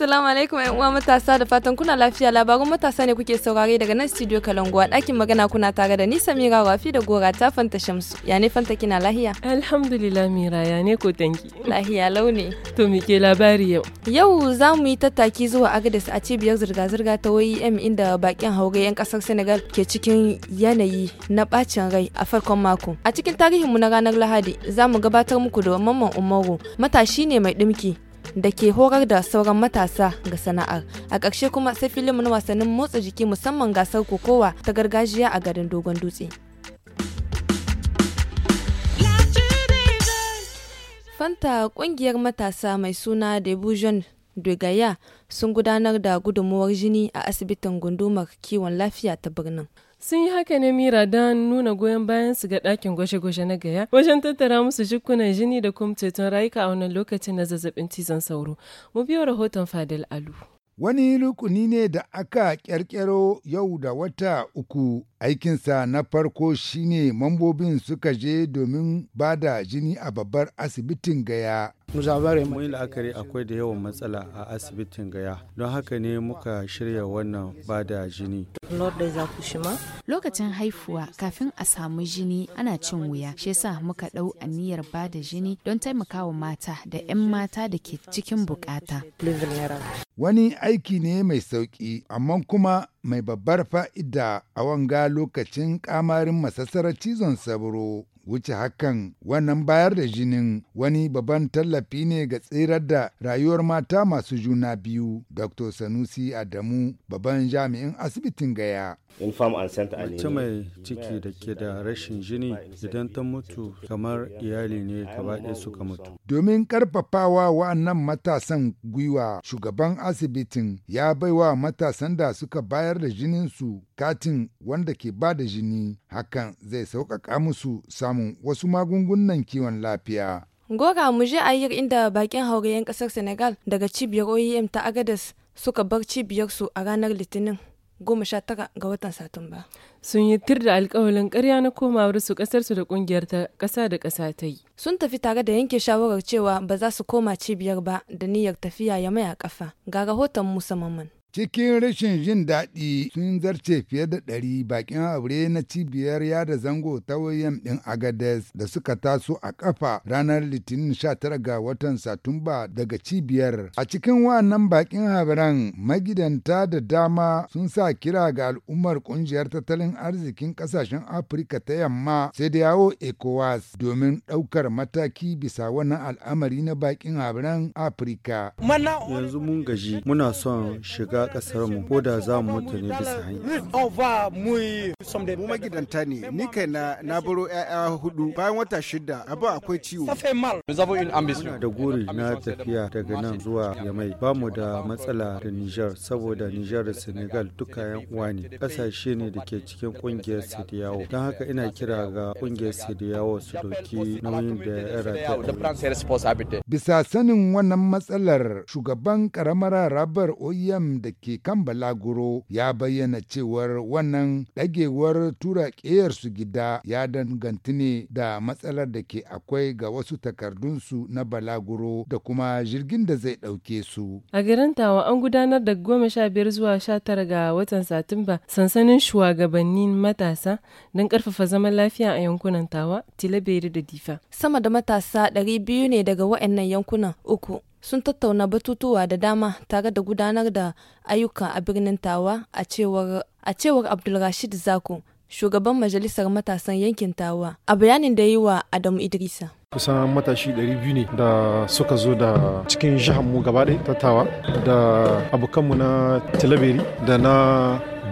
Assalamu alaikum ƴan uwa matasa da fatan kuna lafiya labarun matasa ne kuke saurare daga nan studio a ɗakin magana kuna tare da ni Samira Wafi da Gora ta Fanta Shamsu. Ya ne Fanta kina lahiya? Alhamdulillah Mira ya ne ko tanki. Lahiya launi. to me ke labari yau? Yau za mu yi tattaki zuwa Agadez a cibiyar zirga-zirga ta OEM inda bakin haure 'yan kasar Senegal ke cikin yanayi na bacin rai a farkon mako. A cikin tarihinmu na ranar Lahadi za mu gabatar muku da Mamman Umaru matashi ne mai ɗimki da ke horar da sauran matasa ga sana'ar a ƙarshe kuma sai filin na wasannin motsa jiki musamman gasar kokowa ta gargajiya a garin dogon dutse fanta ƙungiyar matasa mai suna debujon dogaya sun gudanar da gudunmuwar jini a asibitin gundumar kiwon lafiya ta birnin sun yi haka ne mira don nuna goyon bayan su ga ɗakin gwashe goshe na gaya wajen tattara musu jikunan jini da kuma ceton rayuka a wannan lokacin na zazzabin cizon sauro mu biyo rahoton fadil alu wani rukuni ne da aka ƙyarƙyaro yau da wata uku aikinsa na farko shine mambobin suka je domin ba da jini a babbar asibitin gaya Mun yi la'akari akwai da yawan matsala a asibitin gaya don haka ne muka shirya wannan ba da jini. Lokacin haifuwa kafin a samu jini ana cin wuya shi yasa muka ɗau aniyar ba da jini don taimakawa mata da 'yan mata da ke cikin bukata. Wani aiki ne mai sauƙi amma kuma mai babbar fa'ida a wanga lokacin kamarin masassarar cizon sabro wuce hakan wannan bayar da jinin wani babban tallafi ne ga tsirar da rayuwar mata masu juna biyu dr sanusi adamu babban jami'in asibitin gaya mace mai ciki da ke da rashin jini idan ta mutu kamar iyali ne gaba ɗaya suka mutu domin karfafawa wa'annan matasan gwiwa shugaban asibitin ya baiwa matasan da suka bayar da jininsu katin wanda ke ba da jini hakan zai sauƙaƙa musu samun samun wasu magungunan kiwon lafiya. Gora mu je ayyar inda bakin haurayen kasar Senegal daga cibiyar OEM ta Agadas suka bar cibiyarsu a ranar Litinin. goma sha tara ga watan Satumba. Sun yi tir da alkawalin karya na komawar su ƙasarsu da ƙungiyar ta ƙasa da ƙasa ta yi. Sun tafi tare da yanke shawarar cewa ba za su koma cibiyar ba da niyyar tafiya ya maya ƙafa. Ga rahoton Musa Mamman. Cikin rashin jin daɗi sun zarce fiye da ɗari bakin aure na cibiyar yada zango ta wayan ɗin Agades da suka taso a ƙafa ranar Litinin 19 ga watan Satumba daga cibiyar. A cikin wannan bakin haɓaran magidanta da dama sun sa kira ga al'ummar ƙungiyar tattalin arzikin ƙasashen Afirka ta yamma sai da yawo ECOWAS domin ɗaukar mataki bisa wannan al'amari na bakin haɓaran Afirka. Yanzu mun gaji muna son shiga shiga kasar mu ko da za mu mutu ne bisa hanya. Mu magidanta ne, ni kai na na baro 'ya'ya hudu bayan wata shida abu akwai ciwo. da guri na tafiya daga nan zuwa Yamai. Ba mu da matsala da Nijar saboda Nijar da Senegal duka yan uwa ne. kasashe ne da ke cikin ƙungiyar sadiyawo Don haka ina kira ga ƙungiyar sadiyawo su dauki nauyin da ya rata. Bisa sanin wannan matsalar shugaban ƙaramar rabar OEM da da ke kan balaguro ya bayyana cewar wannan ɗagewar tura ƙeyarsu gida ya danganti ne da matsalar da ke akwai ga wasu takardunsu na balaguro da kuma jirgin da zai ɗauke su. A garin Tawa an gudanar da goma sha biyar zuwa sha tara ga watan Satumba sansanin shugabannin matasa don karfafa zaman lafiya a yankunan Tawa, Tilaberi da Difa. Sama da matasa ɗari biyu ne daga waɗannan yankunan uku sun tattauna batutuwa da dama tare da gudanar da ayyuka a birnin tawa a cewar abdulrashid zako shugaban majalisar matasan yankin tawa a bayanin da yi wa adamu idrisa kusan matashi 200 ne da suka zo da cikin jihar mu ta tawa da abokanmu na tilaberi da na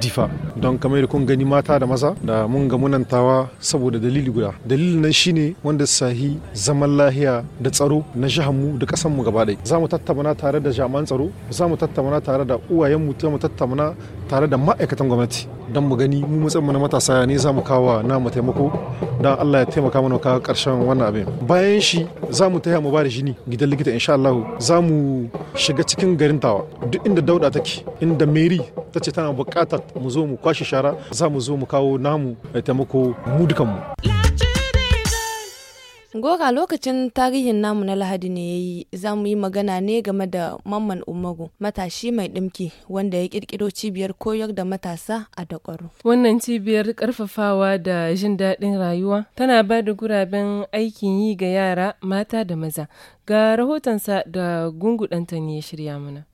difa don kamar kun gani mata da maza da mun ga munantawa saboda dalili guda dalilin nan shine wanda sahi zaman lahiya da tsaro na mu da mu gaba ɗaya za mu tattauna tare da jami'an tsaro za mu tattauna tare da uwayenmu za mu tattauna tare da ma'aikatan gwamnati don mu gani mu mu na matasa ne za mu kawo na mu taimako don Allah ya taimaka mana kawo karshen wannan abin bayan shi za mu taya mu ba da jini gidan likita insha Allah za mu shiga cikin garin tawa duk inda dauda take inda meri ta ce tana buƙatar mu zo mu kwashe shara za mu zo mu kawo namu mai taimako mu dukanmu. Gora lokacin tarihin namu na Lahadi ne yayi za mu yi magana ne game da Mamman Umaru matashi mai ɗimki wanda ya ƙirƙiro cibiyar koyar da matasa a Dakwaro. Wannan cibiyar karfafawa da jin daɗin rayuwa tana ba da guraben aikin yi ga yara mata da maza. Ga rahotonsa da gungu ne ya shirya mana.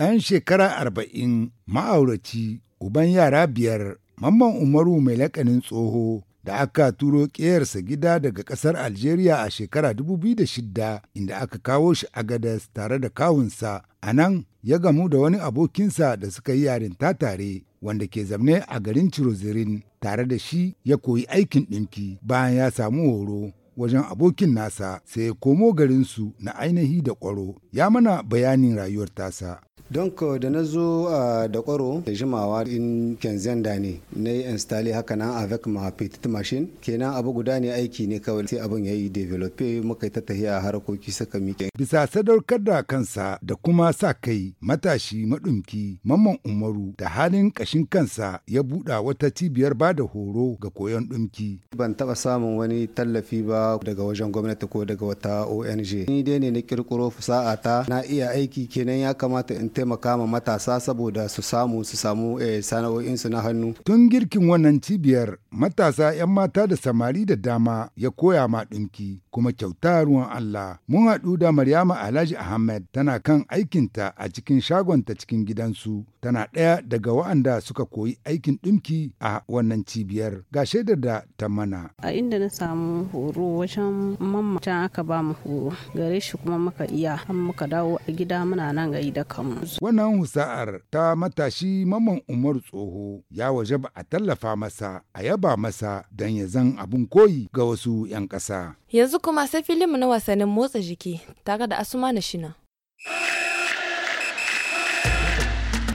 ɗan shekara arba'in ma'auraci uban yara biyar mamman umaru mai Laƙanin tsoho da aka turo ƙeyarsa gida daga ƙasar Algeria a shekara dubu biyu da shidda inda aka kawo shi Agadas tare da kawunsa a nan ya gamu da wani abokinsa da suka yi yarinta tare wanda ke zamne a garin Cirozirin tare da shi ya koyi aikin ɗinki bayan ya samu horo wajen abokin nasa sai ya komo garinsu na ainihi da kwaro ya mana bayanin rayuwar tasa don da na zo a da kwaro da jimawa in kenzenda ne na yi installe haka nan a ma petite machine kenan abu guda ne aiki ne kawai sai abin ya yi develope muka yi ta a harkoki suka mike bisa sadaukar da kansa da kuma sa kai matashi maɗumki mamman umaru da halin kashin kansa ya buɗa wata cibiyar bada horo ga koyon ɗumki ban taɓa samun wani tallafi ba daga wajen gwamnati ko daga wata ONG. Ni dai ne na kirkiro fasa'a ta na iya aiki kenan ya kamata in taimaka ma matasa saboda su samu su samu eh, su na hannu. Tun girkin wannan cibiyar matasa 'yan mata da samari da dama ya koya ma dinki kuma kyauta ruwan Allah. Mun haɗu da Maryama Alhaji Ahmed tana kan aikinta a cikin shagonta cikin gidansu tana ɗaya daga wa'anda suka koyi aikin dinki a wannan cibiyar ga shaidar da ta mana. A inda na samu horo wajen mamata aka ba mu horo gare shi kuma muka iya an muka dawo a gida muna nan gai da kanmu. Wannan husa'ar ta matashi mamman Umar Tsoho ya waje ba a tallafa masa a yaba masa don ya zan abun koyi ga wasu 'yan ƙasa. Yanzu kuma sai filim na wasannin motsa jiki tare da Asuma na Shina.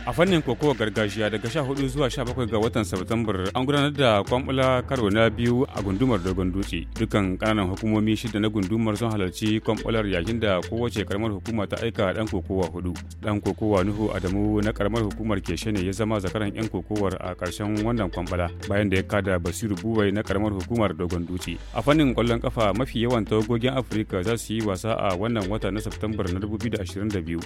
a fannin kokowa gargajiya daga 14 zuwa 17 ga watan Satumbar an gudanar da kwamfula karo na biyu a gundumar Dogon Dutse. Dukan kananan hukumomi shida na gundumar sun halarci kwamfular yayin da kowace karamar hukuma ta aika dan kokowa hudu. Dan kokowa Nuhu Adamu na karamar hukumar Keshe ne ya zama zakaran yan kokowar a karshen wannan kwambala bayan da ya kada Basiru Buwai na karamar hukumar Dogon Dutse. A fannin kwallon kafa mafi yawan tawagogin Afirka za su yi wasa a wannan wata na Satumbar na 2022.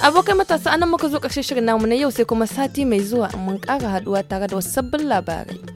abokai matasa anan muka zo ƙarshen shirin namu na yau sai kuma sati mai zuwa mun ƙara haduwa tare da wasu sabbin labarai